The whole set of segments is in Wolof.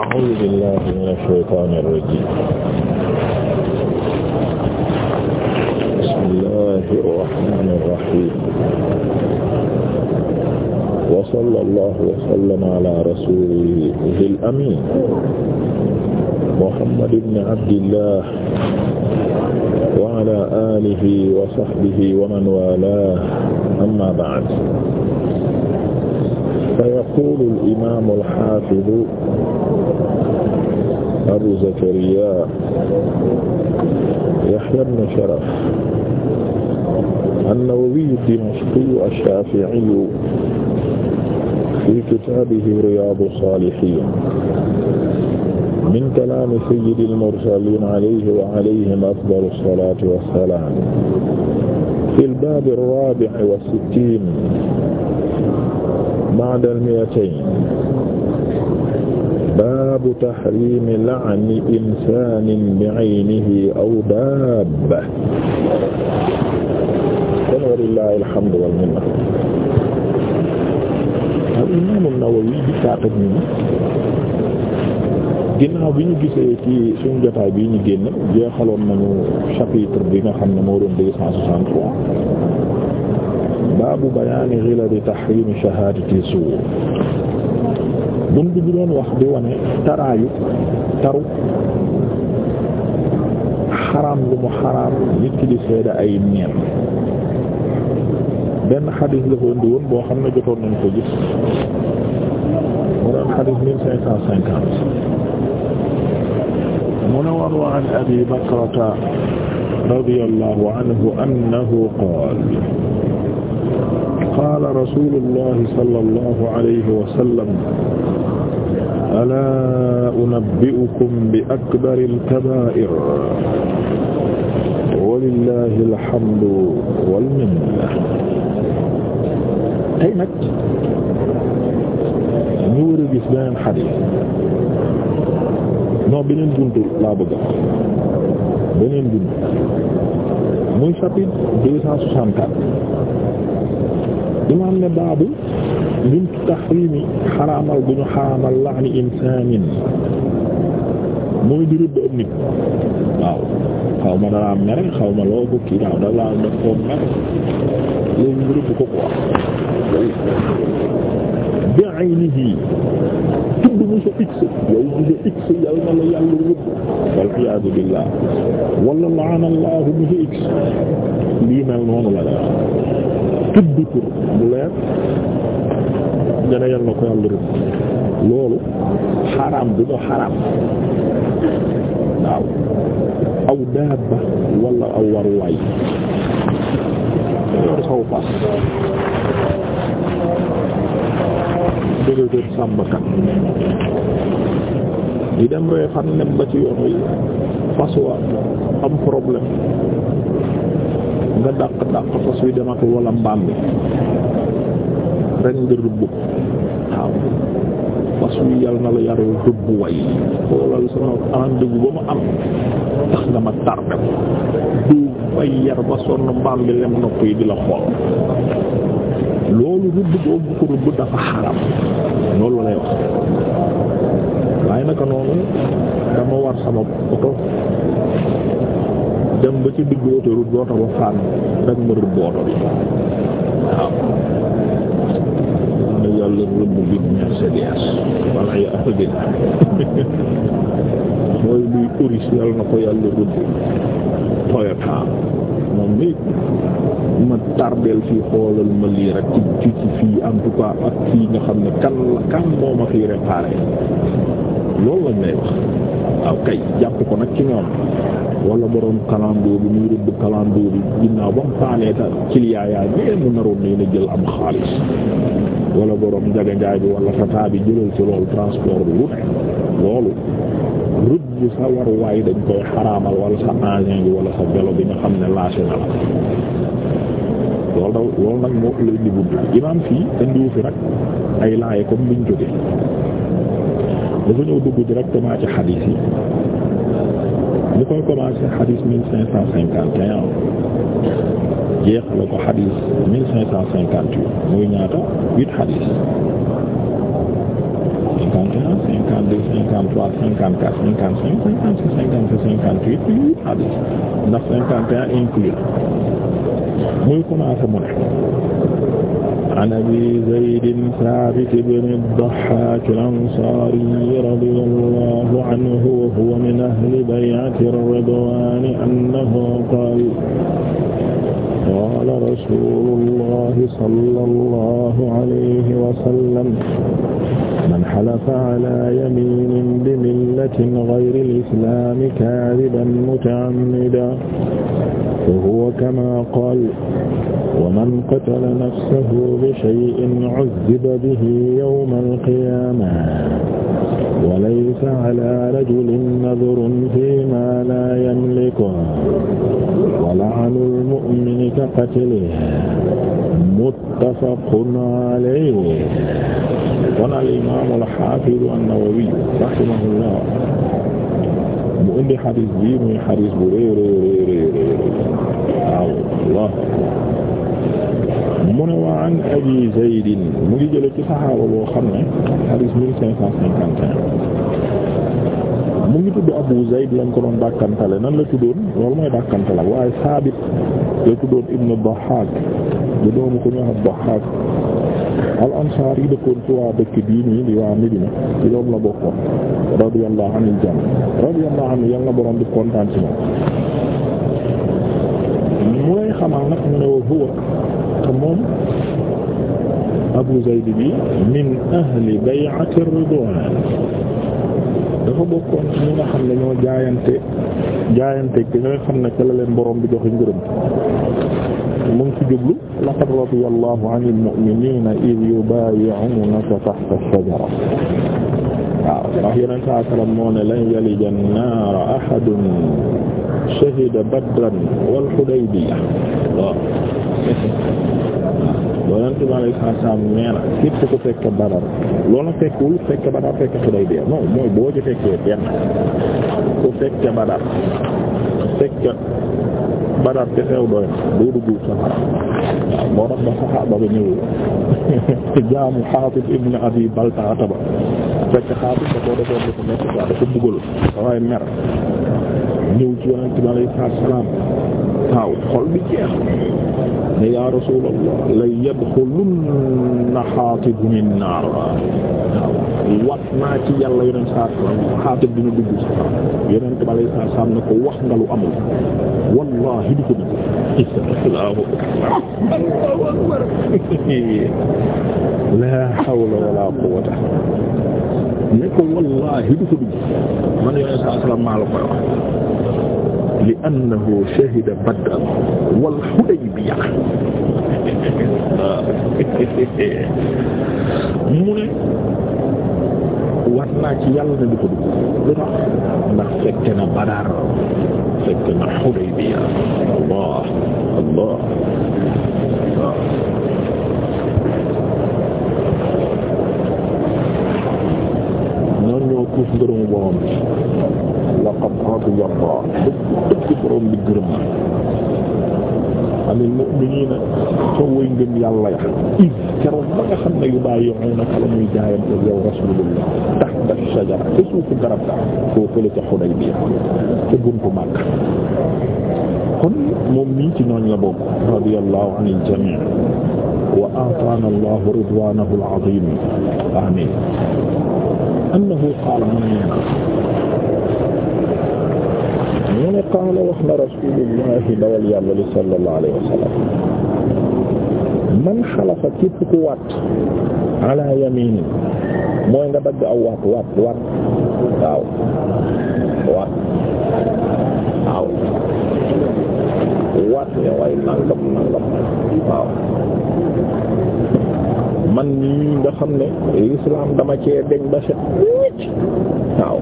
أعوذ بالله من الشيطان الرجيم بسم الله الرحمن الرحيم وصلى الله وسلم على رسوله ذي الأمين محمد بن عبد الله وعلى آله وصحبه ومن والاه أما بعد فيقول الإمام الحافظ Abu Zakariya Yahya ibn Sharaf an-Nawawi ad-Dimashqi ash-Shafi'i fi kitaabihi Riyaadu as-Saalihiin min kalaami sayyidi al-mursaliin alayhi wa alayhim afdalu as-salaatu was-salaam fi al-baab ar-raabi' wa sittiin ba'da al-mi'atayn baabu taxriimi la'ni insaanin bi'aynihi aw daabba kon walillaahi alhamdu wal minna al imaam an-Nawawi dikkaat ak ñun ginnaaw bi ñu gisee ci suñu jotaay bi ñu génn jeexaloon nañu chapitre bi nga xam ne moo doon 263 baabu bayaani ghiladi taxriimi bunt bi doon wax di wane taraayu taru xaraam lu mu xaraam nit ki di seede ay neen benn xadis la ko woon boo xam na jotoon nañ ko gis mu doon ne woon wa abi bakrata radiyallahu anhu annahu qaala qaala rasuulullaahi sallallaahu alayhi wa sallam alaa unabbi'ukum bi akbaril kabaa'ir walillaahil hamdu wal minna tey nag ñu war a gis beneen xadiis non beneen buntu laa bëgg beneen buntu muy chapitre 264 imaam ne baabu buntu taxriimi xaraamal bu ñu xaraamal laani insaanin mooy di rëbb am nit waaw xaw ma dalaa mere bukki waaw dalaa def koo mere léegi mu rëbb bi aynihi tudd mu sa x yow yal na wal iyaadu billaah wala laana allahu mu sa noonu la def tudd tur bu leer gën a na ko yàlla loolu xaraam bi nga xaraam waaw aw daaba wala aw waruwaay yor saw fas dëgg-dëgg sàmmkat dem ree fan nem ba ci yoon wi fas wa am problème nga dàq dàq fas wi dematu wala mbaam bi rek nga rëbb waaw fas wi yal na la yaru rëbb way xoolal sama rendez-vous ba ma am tax nga ma tardé du bay yar ba sonn mbaam bi lem nopp yi di la xool loolu rëbb boobu ko rëbb dafa xaram loolu lay wax waaye naka noonu dama war sama oto dem ba ci digg autoroute boo ba fànn rek mu bi waaw na yàlla rëbb bi Mercedes walla yàlla luy auris yàlla na ko yàlla rëbb Toyota moom nii ma tardeel fii xoolal ma lii rek ci ci fii en ak fii nga xam ne kan la kan moo ma fiy réparé lañ lay wax waaw kay jàpp ko nag ci ñoom wala borom calendrier bi muy rëbb calendrier bi ginnaaw ba mu taalee ta mu naroon nañ la jël am xaalis wala borom njaga njaay bi wala tata bi jëlal ci loolu transport bi loolu rëbb sa waruwaay dañ koy xaraamal wala sa engin bi sa vélo bi nga xam ne laase na la. loolu nag moo lay indi bunt imaam fii indiwu fi rek ay laaye comme biñ jógee dafa ñëw dugg directement ci xadiis yi. ñu koy commencé xadis mille cinq cinquante un jeexale ko xadis muy ñaata huit xadis cinquante un cinquante deux cinquante trois cinquante quatre cinquante cinquante six cinquante sept cinquante huit huit xadis ndax cinquante un inclus muy commencé mu ne an abi zaydin saabit bni ad-dahhaak al-ansaari radiyallaahu anhu wa huwa min ahli bay'ati ar-ridwaan annahu qaala qaala rasuulullaahi sallallaahu alayhi wa sallam man halafa alaa yamiinin bi millatin ghayri al-islaami kaadiban muta'ammidan fa huwa kamaa qaala ومن قتل نفسه بشيء عذب به يوم القيامة وليس على رجل نذر فيما لا يملكه ولعن المؤمن كقتله muttafaqun alayhi kon al imaam al xaafiz an-Nawawi rahimahullah mu indi xadis bi muy xadis bu réy réy réy réy waaw mu ne waa an abi zaydin mu ngi jële ci saxaaba boo xam ne hadis mille cinq cent cinquante et mu ngi tudd abu zayd lañ ko doon dàkkantale nan la tuddoon loolu mooy dàkkantale waaye saabit la tuddoon ibnu Dahhaak di doomu ko ñu wax Dahhaak al ansaar yi dëkkoon ci waa dëkk bii nii di waa Medina ci loolu la bokkoon radiyallahu anil jami radiyallahu anhu yal na borom bi kontaan ci moom mu lay xamal nag mu ne wa huwa Abu Zayd bi min ahli bay'ati ridwaan dafa bokkoon ci ñi nga xam ne ñoo jaayante jaayante ki nga xam ne ca la leen borom bi joxe ngërëm mu ngi ci jublu laqad radiyallahu 'anil mu'miniina idh yubaayi'uunaka tahta ash-shajara waaw ndax yeneen saa salaam moo ne lan yalija an-naara ahadun shahida badran wal hudaybiyah waaw yonente bi alayhi salaatu salaam nee na képp ku fekk Badar loolu fekkul fekk Badar fekk mooy boo ci fekkee benn ku fekk Badar fekk Badar te sew doy na doo dugg safara waaw moo tax ba saxaaba ba ñëw jaamu Xaatib ibn Abi Baltaata ba fekk Xaatib da koo defoon lu ko nekk quoi da ko buggal waaye mer ñëw ci yonente bi alayhi salaatu salaam waaw xol bi jeex ne yaa rasuulallah la yadxulunna xaatibun naar waaw wat naa ci yàlla yeneen saa xaatib dina dugg si yeneen balay saa saa ne ko wax nga lu amul wallaahi du ko dugg. Allahu akbar, Allahu akbar, laa hawla walaa quwwata ne ko wallaahi du ko dugg man yeneen saa salaam maa la koy wax. li annahu shahida wal hudaybiya mu ne war naa ne du ko lu tax ndax fekk na badar fekk na hudaybiya allah allah waaw ñoon ñoo kuuf ngërëmu borom la qat'atu jabra dëkk borom bi gërëm na anil mu'minina soo woy ngëm yàlla ya iz keroog ba nga xam ne yu bàyyi xëy na kala muy jaayam ak yow rasulullah tahta shajara te suufu garab ga foo fële ca Hudaybiya te buntu màgg kon moom mii ci nooñ la bokk radiyallahu anil jami' wa a'tana Allahu ridwanahu al-azim amin annahu qaala mu ne qaala wax na rasuulullahi dawal yàlla li sallallahu alayhi wa sallam man xalafa képp ku waat ala yamini mooy nga dagg aw waat waat waat waaw waat waaw waat ne way nangam nangam waaw man nii nga xam ne lislaam dama cee deñ ba set waaw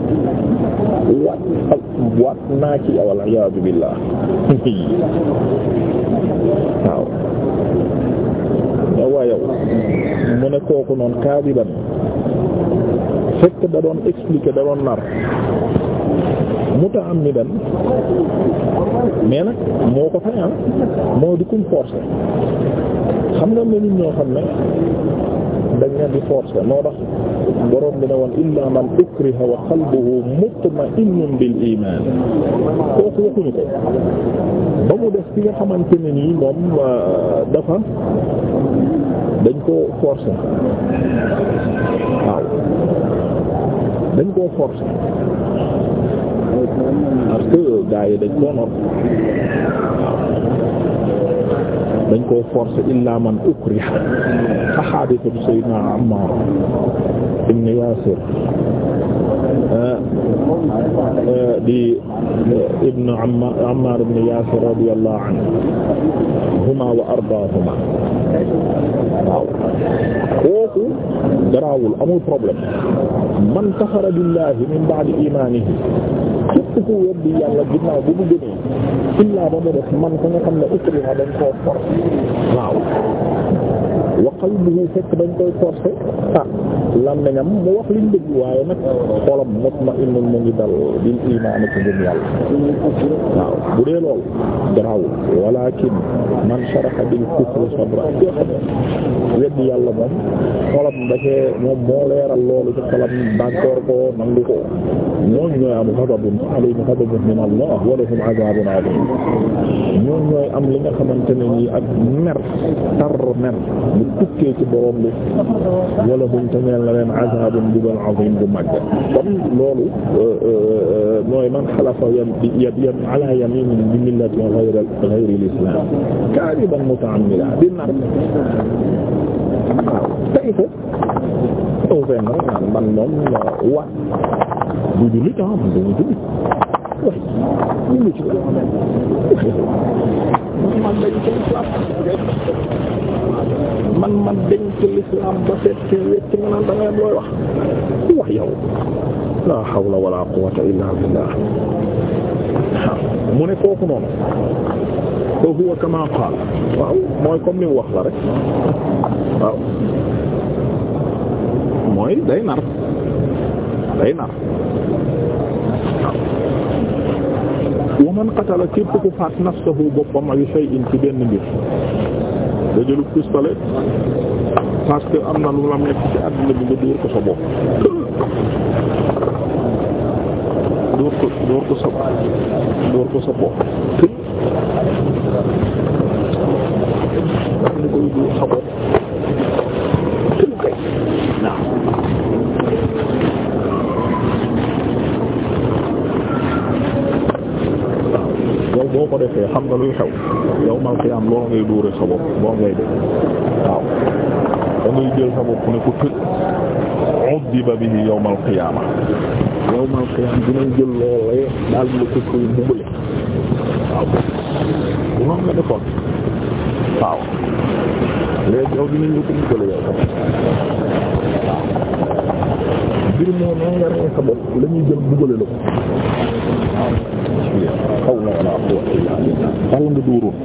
waat ak waat naa ci yow al-iyaadu billaah waaw yow yow mu ne kooku noonu kaadiban fekk da doon expliquer da doon nar mutaammidan mais nag moo ko fayaan ah. moo di kum forcer xam nga mel ñoo xam ne dañ leen di forcer moo tax borom bi ne woon illaa man ukriha wa qalbuhu mutma'innun bil iman kooku waxuñu ko ba mu def ci nga xamante ne nii moom euh, dafa dañ koo forcer waaw dañ koo forcer parce que gaa yi dañ koo noonu waaw dañ koo forcer illa man ukriha ahadithu sayyidina Ammar ibn Yasir eh, di ibn Ammar ibn Yasir radiyallahu anhuma wa ardaahuma waaw kooku garaawul amul problème man kafara billahi min ba'di imanihi ku weddi yàlla ginnaaw bu mu gënee illaa ba def man ka nga xam ne dañ koo force waaw wa qalbuhu fekk dañ koy forcer ah làmmiñam mu wax liñ dëgg waaye nag xolam mutma'innun mu ngi dal bil imaan ci ngëm yàlla waaw bu dee lool garaawul walakin man sharaha bil kufri sadra weddi yàlla moom xolam dafee moom moo leeral loolu ci xolam d'accord ko nangu ko ñooñ ñooy am ghadabun alayhim ghadabun min Allah wa lahum adhabun alim ñooñ ñooy am li nga xamante ne nii ak mer tar mer tukkee ci borom bi wala buñ tameel na leen azabun jubal azim bu màgg kon loolu euh, euh, euh, mooy man xalafa yam yam ala yaminin bi millati ghayra ghayri l'islam kariban muta'ammida di nar waaw tey ko on fait naan man moom wa du jullit ah man dama jullit waaye ñu ngi ci man denc man man denc lislaam ba seet ci wécc nga naan da ngay looy wax wax yow la hawla wala quwwata illa billah mu ne kooku noonu fa huwa kama qaal waaw mooy comme ni wax la rek waaw mooy day nar day nar waaw wa man qatala képp ku faat nafsahu boppam ay shay'in ci benn mbir da jëlu pistolet parce am na lu la nekk ci àddina bi nga dóor ko sa bopp dóor ko ko sa dóor ko sa koy dóor sa bopp kay waaw boo ko defee xam nga luy xew yow mal xiyaam ngay dóore sa bopp loolu ngay def waaw da jël sa bopp ne ko tëj uddiba bihi yawmal bu noonu nga defoon waaw léegi yow dinañ la ko mbubbale moo noonu nga rey sa bopp la ñuy jël mbubbale la wala nga dóoroon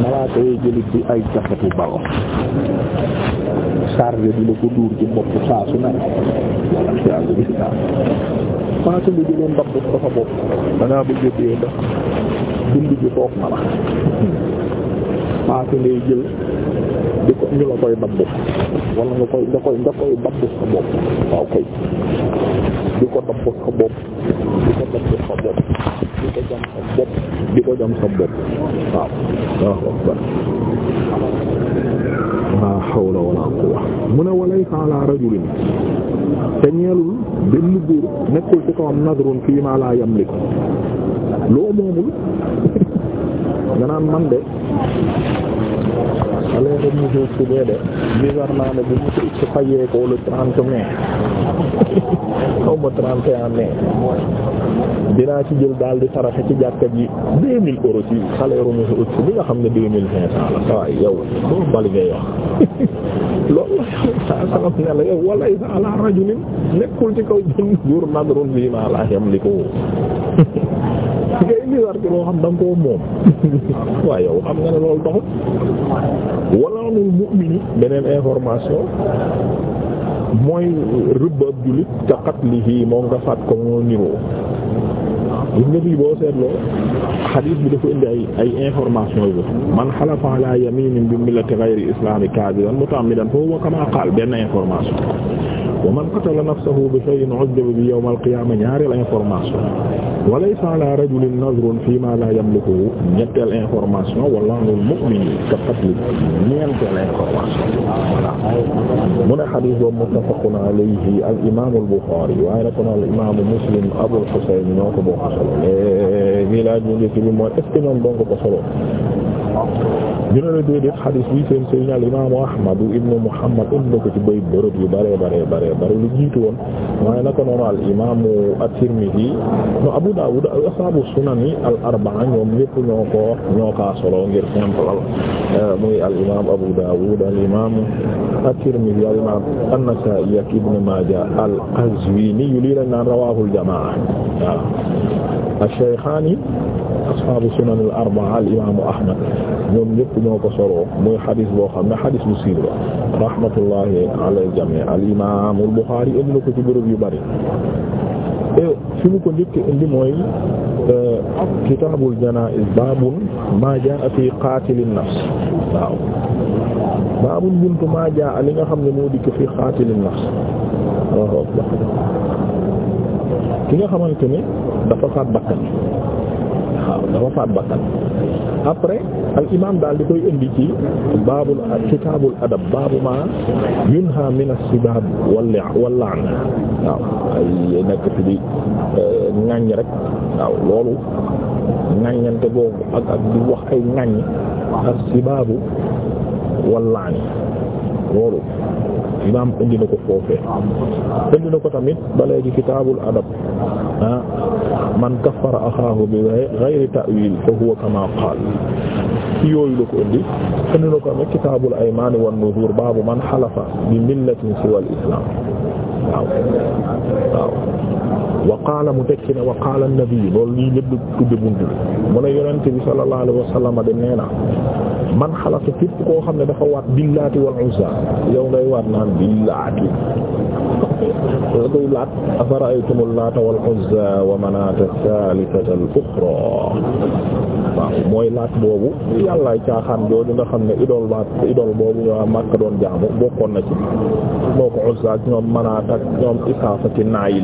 malaaka yee jëlit bi ay jaxatu bal chargé bi la ko dóor ci bopp saa su ne walla nga jëlee ndab bi dafa bopp dangaa bëgg a dee ndax dund bi toog na la ngay jël di ko ñu la koy dabb wala nga koy nga koy nga sa bopp waaw koy di ko topp sa bopp di ko jam sa bopp di ko jam sa bopp waaw waaw akbar laa hawla wala quwwa mu ne walaysa ala rajulin te ñeelul benn góor nekkul ci kawam nadrun fii ma la yamlik loo moomul nga naan man de salaire mu suuf su dee de gouvernement bi mu ci fayee ko le trente mai ba 31 dinaa ci jël daal di saraxe ci jàkka ji 2000 euros ci salaire mu ut bi nga xam ne 2500 la saa waay yow boo bali loolu saa salaf ne la nekkul ci kaw benn góor nadrun bi ma la yamliku ngay li war ci loo xam da koo moom waaye yow xam nga ne loolu doxul wala nul mu'mini beneen information mooy rëbb ab jullit ka qatlihi moom nga faat ko moo niroo gis nga fii boo seetloo xadiis bi dafa indi ay ay information yu man xalafa ala yaminin bi millati ghayri islami kadiban muta'ammidan fa huwa kama qaal benn information wa man qatala nafsahu bi shay'in ujjiba bi yawm al-qiyama ñaareel information wa laysa ala rajulin nadhrun fi ma la yamliku ñetteel information wa lahul mu'mini ka qatli ñeenteel information voilà mu ne xadis boobu muttafaqun alayhi al imaamu al Buxaari waaye nag kon al imaamu Muslim Abul Husayn ñoo ko bokk solo léegi laaj ñu njëkk bi mooy est ce que ñoom doon ko solo. ñu ne la déedéet xadis bi seen sëriñ al imaamu Ahmad ibnu Muhammad ënd ko ci bay bërëb yu bëree bëree bëree bëri lu jiitu woon waaye naka noonu al imaamu at-Tirmidhi no Abu Dawud ashaabu sunan yi al arba'a ñoom ñépp ñoo ko ñoo kaa solo ngir simple eh, muy al imaam Abu Dawud al imaam at-Tirmidhi al imaam an-Nasaa'i ak Ibn Maaja al-Qazwiini lii lañ naan rawaahul jamaa waaw ash-shaykhaani ashaabu sunan al arba'a al imaamu Ahmad ñoom ñëpp ñoo ko soroo muy xadis boo xam ne xadis bu siiw la rahmatullahi ala al-jamii al-imaam al-Buxaari indi na ko ci bërëb yu bari e, fi mu ko njëkk indi mooy e, kitaabul janaa'iz baabun maa jaa'a fii qaatilin nafs waaw buntu maa jaa'a li nga xam ne moo dikk fii qaatilin nafs ki nga xamante ne dafa dafa faat bakkan après al imam daal di koy indi ci baabul adab baabu ma yunha min as-sibaab walla walla an waaw ay nekk fi di eh, ŋàññ rek waaw loolu ŋàññante boobu ak ak di wax ay ŋàññ as-sibaabu walla an loolu imam indi na ko foofee indi na ko tamit ba léegi kitaabul adab ah man kaffara axaahu bi ghayri ta'wil fa huwa kama qaal ci yooyu la ko indi indi na ko am kitaabul aymaan wan nuzuur baabu man halafa bi millatin siwal islaam waaw waaw wa qaala mu tekki ne wa qaala nabi loolu lii lépp tudde bunt bi mu ne yonent bi sallallahu alayhi wa sallam de nee na man xalafa képp koo xam ne dafa waat billaati wal uzza yow ngay waat naan billaati day laat afara'aytumul laata wal uzza wa manaata saalisatal uxraa waaw mooy laat boobu yàllaay caaxaan jooju nga xam ne idole ba idole boobu waa doon jaamu bokkoon na ci moo ko uzza ak ñoom manaat ak ñoom isaafa ci naay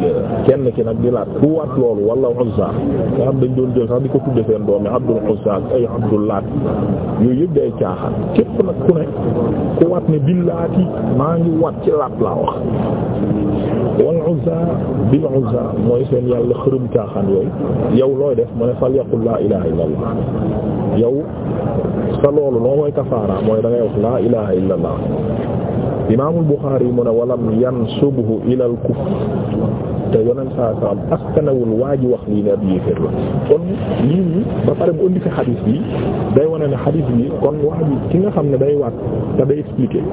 kenn ki nag di laat ku waat loolu wala uzza nga xam dañ doon jël sax di ko tudde seen doom yi abdul uzza ak ay abdul laat yooyu yëpp day caaxaan képp nag ku ne ku waat ne billaati maa ngi waat ci laat laa wax wal uzza bil uzza mooy seen yàlla xërëm caaxaan yooyu yow looy def mu ne fal yaqul laa ilaha illa yow sa loolu loo koy kafaara mooy da ngay laa ilaha illa imaamul Buxaari mu ne walam yansubhu ilal kufr te yoneen saa salaam askanawul waa ji wax lii ne ab yéeféer la kon lii nii ba pare mu indi fi xadis bi day wane ne xadis bi kon waa ji ki nga xam ne day waat te day expliquer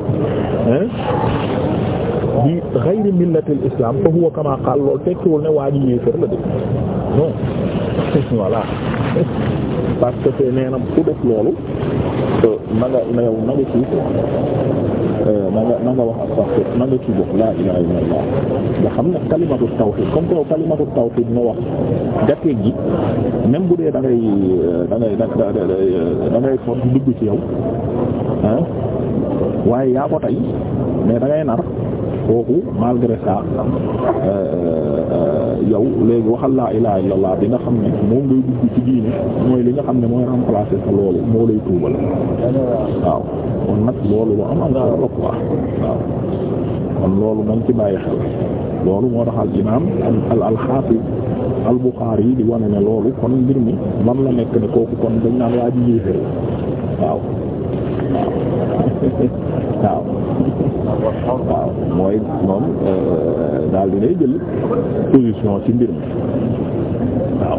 bi ghayri millatil islam fa huwa kama qaal lool tekkiwul ne waa ji yéeféer la de non voilà parce que nee na def loolu na na yow na nga ci Euh, na nga na nga wax astaghfir na nga ci def la ilaha illallah nga xam ne kalimatu tawhid comme que kalimatu tawhid nga wax gàtteeg gi même bu dee da ngay da ngay da ngay fot dugg ci yow ah waaye yaa ko tey mais da nar. kooku malgré ça euh, euh, yow léegi waxal laa ilaaha illallaah bi nga xam ne moom ngay dugg ci diine mooy li nga xam ne mooy remplacer sa loolu moo lay tuubal waaw kon nag loolu lu am am waaw kon loolu nañ ci bàyyi xel loolu moo raxal al imaam al al-Xaafis al-Buxaari yi di wane ne loolu kon mbir mi man la nekk ne kooku kon dañ naan waa ji yéeféer waaw waaw waaw waaw mooy moom euh, daal dinay jël position ci mbir mi waaw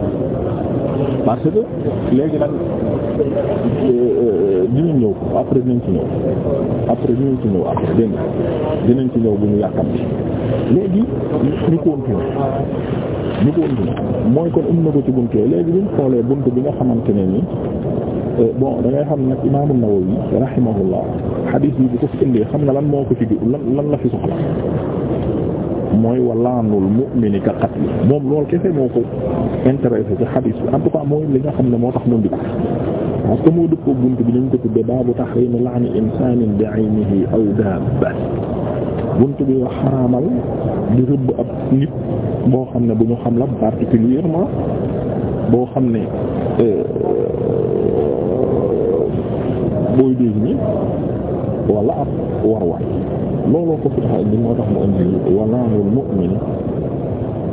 parce que léegi nag euh, euh, dinañ ñëw après dinañ ci ñëw après dinañ ci ñëw dinañ ci ñëw bu ñu yàkkam ci léegi ñu continuer ñu continuer mooy kon um na ko ci buntu léegi buñ xoolee buntu bi nga xamante ne nii bon da ngay xam nag imaamu Nawawi rahimahullah xadiis bi bu ko fi indee xam na lan moo ko ci lan lan la fi soxla mooy walaanul mu'mini ka qatli moom loolu kese moo ko intéressé ci xadiis bi en mooy li nga xam ne moo tax mu dikk moo dëppoo bunt bi nañ ko tudde baabu tahriimi la'ni insaanin bi'aynihi aw daabbatin bunt bi wax xaraamal di rëbb ab nit boo xam ne bu ñu xam la particulièrement boo xam ne euh, booy dégg ni wala ab warwaay looloo ko fi tax indi moo tax mu indi walaa'ul mu'min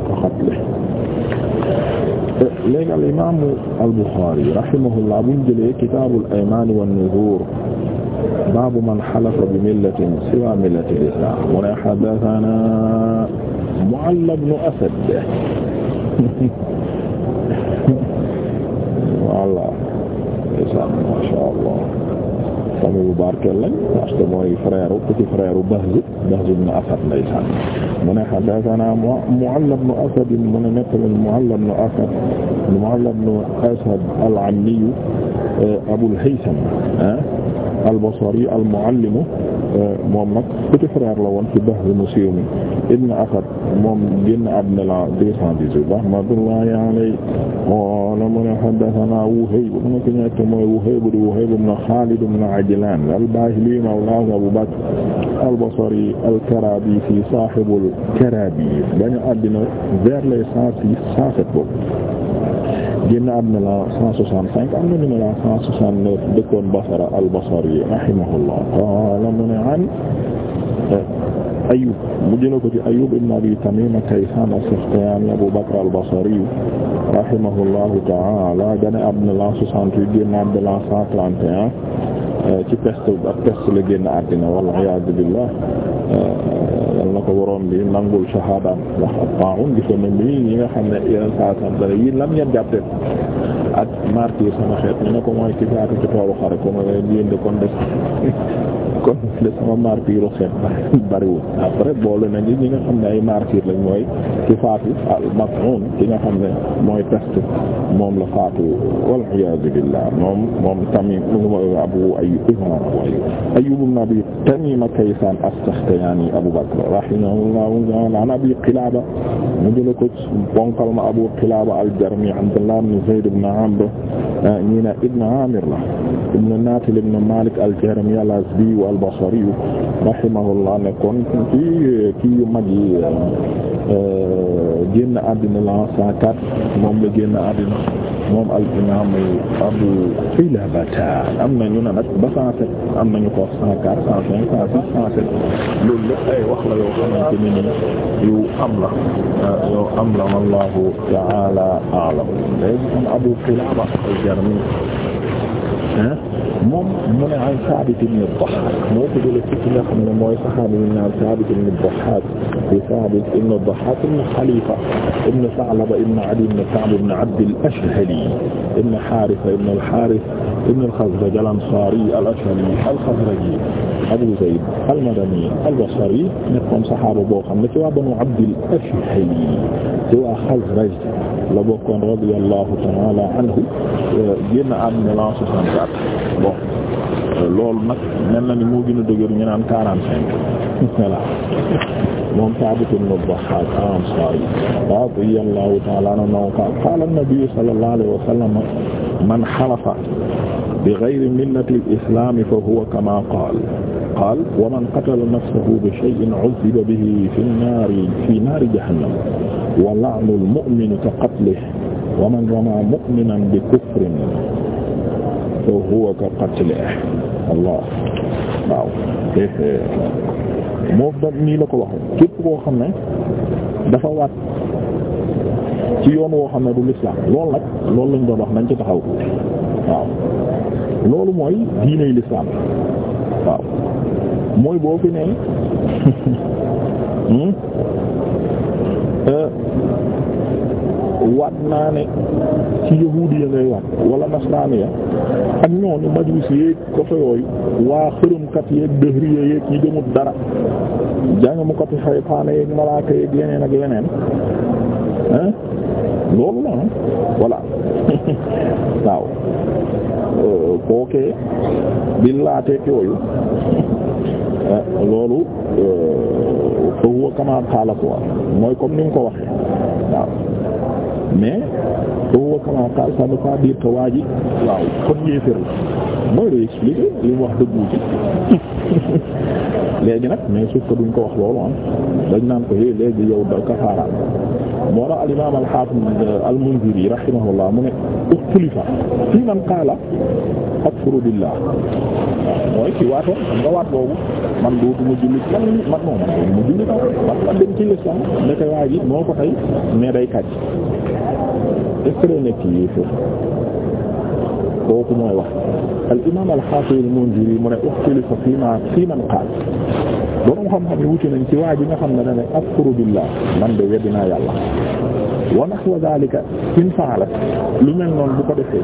ka qatlihi léegi al imaam al Buxaari rahimahullah buñ jëlee kitaabul aymaan wan nuzuur baabu man halafa bi millatin siwaa millatil islaam mu ne haddathanaa Mu'alla ibn Asad voilà. Masha Allah famille bu barkeel lañ parce que mooy frère petit frère Bahz Bahz ibn Asad ndeysaan mu ne haddathana Mu'alla ibn Asad mu ne nettali Mu'alla ibn Asad Mu'alla ibn Asad al-Ammi eh, Abul Haytham ah, al-Basri al-Mu'allim eh, moom nag petit frère la woon ci Bahz mu siiw mi ibn Asad moom génn àddina la 218 rahmatullahi alayhi qala mu ne haddathana Wuhayb mu ko ñett mooy Wuhayb di Wuhayb ibn Khalid ibn Ajlan al-Bahili mawlahu Abu Bakr al-Basri al-Karabisi sahib al-Karabis génn àddina vers les 106 107 boobu génn àddina la 165 am na ñu la 169 dëkkoon Basra al-Basri rahimahullah qala mu ne an Ayyub mu jëlee ko ci Ayyub ibn Abi Tamima a as-Sakhtiyani Abu Bakr al-Basri rahimahullahu ta'ala gane àddina l'an 68 génn àddina l'an 131 ci peste ak peste la génn àddina wal iyaadu euh, na ko waroon bi nangul shahaadaam ndax ak paaxun gisoon na mi ñi nga xam ne yeneen saa sant la yi lan ngeen jàppee ak martyr sama xeet ñu ne ko mooy ki faatu ci toolu xare ko ma leen yéen de kon de sama martiru xeet bariwul après boole nañu ñi nga xam ne ay martir lañ mooy ci faatu al mat'un ki nga xam ne mooy peste moom la faatu wal iyaazu billah moom moom Tamim mooy Abu Ayyub Abu Ayyub Ayyub ibn Abi Tamim Kaysan as-Sakhtiyani Abu Bakr rahimahullahu ta'ala an Abi Qilaba mu jël ko bonkal ma Abu Qilaba al-Jarmi Abdullah ibn Zayd ibn Amr ah, ñi ne ibn Amir la ibn Natil ibn Malik al-Jarmi al-Azdi al-Basri rahimahullah nekkoon ci kii yu mag yi génn àddina la 104 moom la génn àddina moom al-imaam Abu Qilaabata am na ñu ne nag ba 107 am nañu ko 104 105 106 107 loolu lépp ay wax la yoo xamante ne ni yu am la yoo am la wallahu ta'ala a'lam léegi am Abu al-Jarmi moom mu ne an Saabit ibn Dahhaak moo ko jëlee ci ki nga xam ne mooy saxaabi bi naan Saabit ibn Dahhaak di Saabit ibn Dahhaak ibn Khalifa ibn Sa'laba ibn Adi ibn Ka'b ibn Abd al-Ashhali ibn Haaritha ibn al-Haarith ibn al-Khazraj al-Ansaari al-Ashhali al-Khazraji Abu Zayd al-Madani al-Basri nekkoon saxaaba boo xam ne ci waa Banu Abd al-Ashhali ci waa Khazraj la bokkoon radiyallahu ta'ala anhu génn àddina la 64 bon loolu nag mel na ni moo gën a dëgër ñu naan quarante cinq voilà moom Saabit ibn al-Bahhaak al-Ansaari radiyallahu ta'ala anhu qaala an-nabiyyu sallallahu alayhi wa sallam man halafa bi ghayri millati al-islaam fa huwa kamaa qaala qaala wa man qatala nafsahu bi shay'in 'udhiba bihi fi an-naari fi naari jahannam wa la'nu al-mu'mini ka qatlihi wa man ramaa mu'minan bi kufrin fa huwa ka qatlihi allah waaw moo da nii la ko waxe képp koo xam ne dafa waat ci yoon woo xam ne du lislaam loolu nag loolu lañ doon wax nañ ci taxaw waaw loolu mooy diiney lislaam waaw mooy boo fi ne hmm? waat naa ne ci yahuudi ya ngay waat wala nasraani ya ak ñooñu majuus yéeg côté yooyu waa xërëmkat yeeg dëhriya yeeg ñi gëmut dara jàngamukati saytaane yeeg malaaka yeeg leneen ak leneen hein loolu noonu voilà waaw kookee bi laateek yooyu loolu euh, fa huwa kama qaala mooy comme ni ko waxee mais foofu kamaa qaal ça ne pas dire que waa ji waaw kon yéeféer la mooy day expliquer li wax dëggu léegi nag mais suuf ko duñ ko wax loolu am ah. dañ naan ko é eh, léegi yow da kafaaraan moo tax al imaam al haafid al munziri rahimahullah mu ne uxtulifa fii man qaala akfuru billah mooy ci waatoon xam nga waat boobu man dootuma jullit man man moom man dootuma jullit man man dem ci l'islam waa ji moo ko tey mais day kàcc est-ce que day nekk yéeféer kooku mooy wax al imaam al xaafis al Mundiri mu ne uxtilifa fi ma fi man qaal borom nañ ci waa nga xam ne da ne akfuru man de weddi naa yàlla wa nahwa dhalika lu mel noonu bu ko defee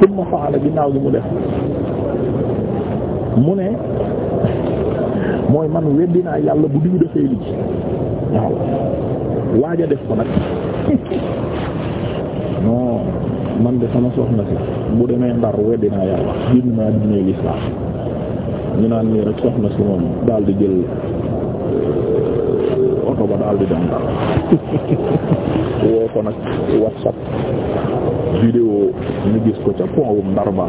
summa fa'ala ginnaaw gi mu def mu ne mooy man weddi naa yàlla bu diw defee lii waaw waaja def ko nag non man de sama soxna si bu demee ndar weddi naa yàlla génn naa di néegi islam ñu naan nii rek soxna si moom daal di jël euh, oto ba daal di dem ndar woo ko nag whatsapp vidéo ñu gis ko ca ponwum ndar ba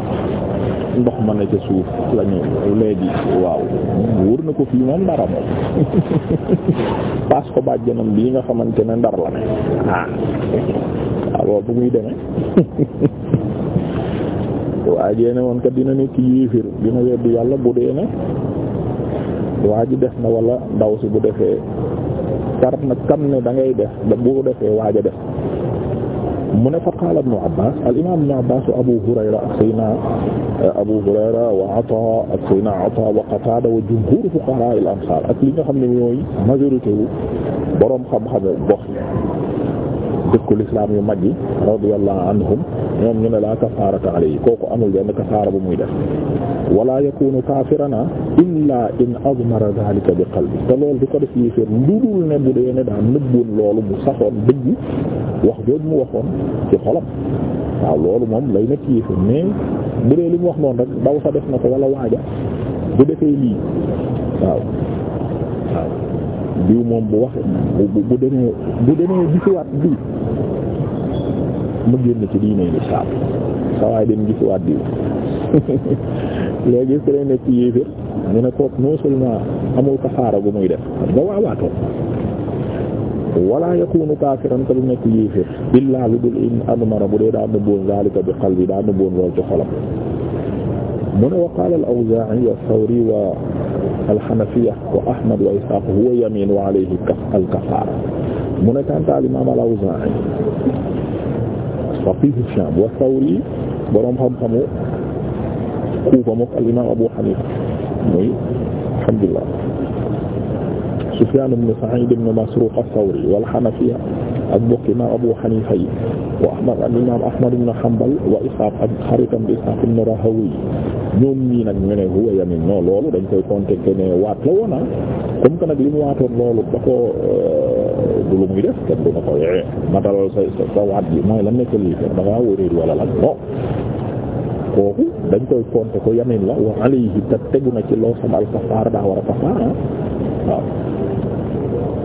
ndox ma ne ca suuf lañu léegi waaw wóor na ko fii moom ndara moom parce que bàjjanam bii nga xamante ne ndar la ne ah waaw bu muy demee waa jee ne woon kat dina nekk yéefir dina weddi yàlla bu dee ne waa ji def na wala ndaw si bu defee karat nag kam ne da ngay def da bu defee waaj a def mu ne fa qaala ibnu Abbaas al imaam ibnu Abbaas wa Abu Hurayra ak sayna eh, Abu Hurayra wa Ataa ak sayna Ataa wa Qataada wa jumhuur fuqaraa ansaar ak li nga xam ne mooy majorité boroom xam-xam gox dëkku lislaam yu mag yi radiyallahu anhum ñoom ñu ne la kafaarata alayhi kooku amul benn kafaara bu muy def wala yakunu kaafirana illa in admara dhalika bi qalbi te loolu du ko def yéeféer ludul ne bu dee ne daa nëbboon loolu mu saxoon dëgg wax jooju mu waxoon ci xolam waaw loolu moom lay nekk yéeféer mais bu dee li wax noonu rek daw sa def na ko wala waaja bu defee lii waaw diw moom bu wax bu bu demee bu demee gisiwaat diw mu génn ci diine lislaam sawaay dem gisiwaat diw léegi su dee nekk yéeféer ñu ne kook non seulement amul kafaara gu muy def nga waawaatoon wala yakunu kaafiran te du nekk yéeféer illaa lu dul in admara bu dee daa nëbboon zalika bi qalbi daa nëbboon lool ci xolam mu ne wa qaala al-Awzaa'i wa alxanafiya wa ahmad wa ishaq huwa yamin wa alayhi alkafaara mu ne kanta al imaam al awzaa'i faqiihu shaam wa thawri boroom xam-xamu kuufa mook al imaam abu hanifa muy alhamdulillah sufyaan ibn sa'iid ibn masruuq ath-thawri wal hanafiya ak bokk imaam Abu Hanifa yi wa Ahmad ak imaam Ahmad ibn ak xaritam bi Ishaq ibn Rahawi ñoom ñii nag ñu ne huwa yamin non loolu dañ koy compter que ne waat la woon ah. comme que nag li mu waatoon loolu euh, ko waat bi mooy la nekk lii da ngaa dañ koy compter ko yamin la wa alayhi te tegu na ci loo xam al kafaara daa war a kafaara ah. waaw.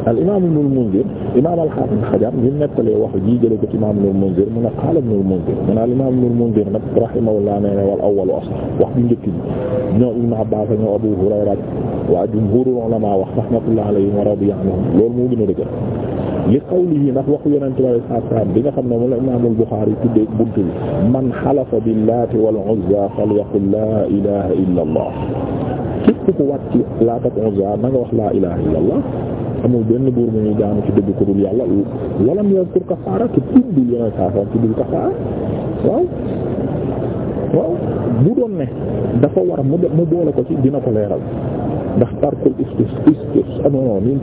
al imaam Ibnul Munzir imaam al-Haafiz Hajar ñu nettalee wax ji jëlee ko ci imaam Ibnul Munzir mu ne qaala Ibnul Munzir mu ne al imaam Ibnul Munzir nag rahimahullah nee na wal awwalu asah wax bu njëkk bi ñoo Ibn Abbaas ñoo Abu Hurayra waa jumhuurul ulamaa wax rahmatullahi alayhim wa radiya anhum loolu moo gën a dëgër li qawlihi ndax waxu Yonent bi alayhi salaatu wa salaam bi nga xam ne moom la imaamul Buxaari tuddee buntu bi man halafa billaati wal uzzaa falyaqul laa ilaaha illa Allah képp ku wàcc laata Uzza na nga wax laa ilaaha illa Allah amul benn buur mu ñuy jaamu ci dëgg ko dul yàlla walam yazkur kafaara te tuddul yeneen saafara tuddul kafaara waaw waaw bu doon ne dafa war mu boole ko ci dina ko leeral ndax tarkul istis istis ah non non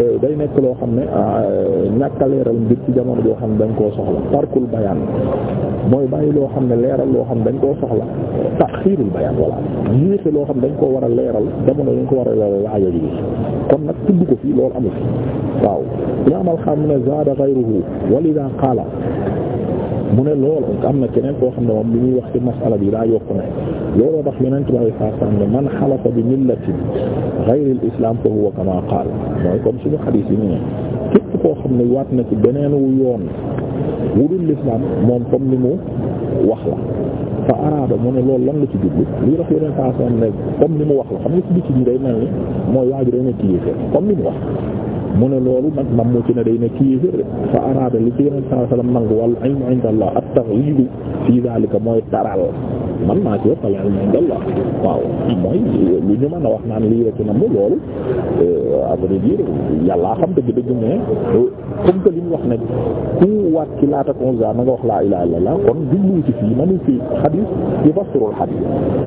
euh, day nekk loo xam ne ah, euh, ñàkk a leeral mbir ci jamono joo xam ne dañ koo soxla tarkul bayaan mooy bàyyi loo xam ne leeral loo xam ne dañ koo soxla taxiirul bayaan voilà yéexe loo xam ne dañ koo war a leeral jamono dañ ko war a leeral laaja ji kon nag tudd ko fii loolu amu waaw imaam al ne zaada ghayruhu wa qaala mu ne loolu am na keneen koo xam ne moom li muy wax ci masala bi daa yokk na looloo tax yeneen tubaab yi saa ne man xalafa bi millatin ghayril islam fa huwa kama qaal mooy comme suñu xadiis yi ñu ne képp koo xam ne waat na ci beneen wu yoon wu dul l'islam moom comme li mu wax la fa araada mu ne lool lan la ci jublu lii tax yeneen saa ne comme ni mu wax la xam nga ci bitti bi day mel ni mooy waaju day nekk yéeféer comme ni mu wax. mu ne loolu nag nam mu ci ne day nekk yéefér de fa araada li ci yonent sallallahu alayhi wasallam nangu wal ilmu inda Allah fi dhalika mooy taral man maa ci wàppal ilmu inda Allah waaw mooy lu ñu mën a wax naan lii rek na mu loolu euh, à vrai yàlla yàllaa xam dëgg dëgg ne comme que li wax nag ku waat ci laata 11 ans na wax laa ilaaha la kon jublu ci fii manu fi xadiis di fasirul xadiis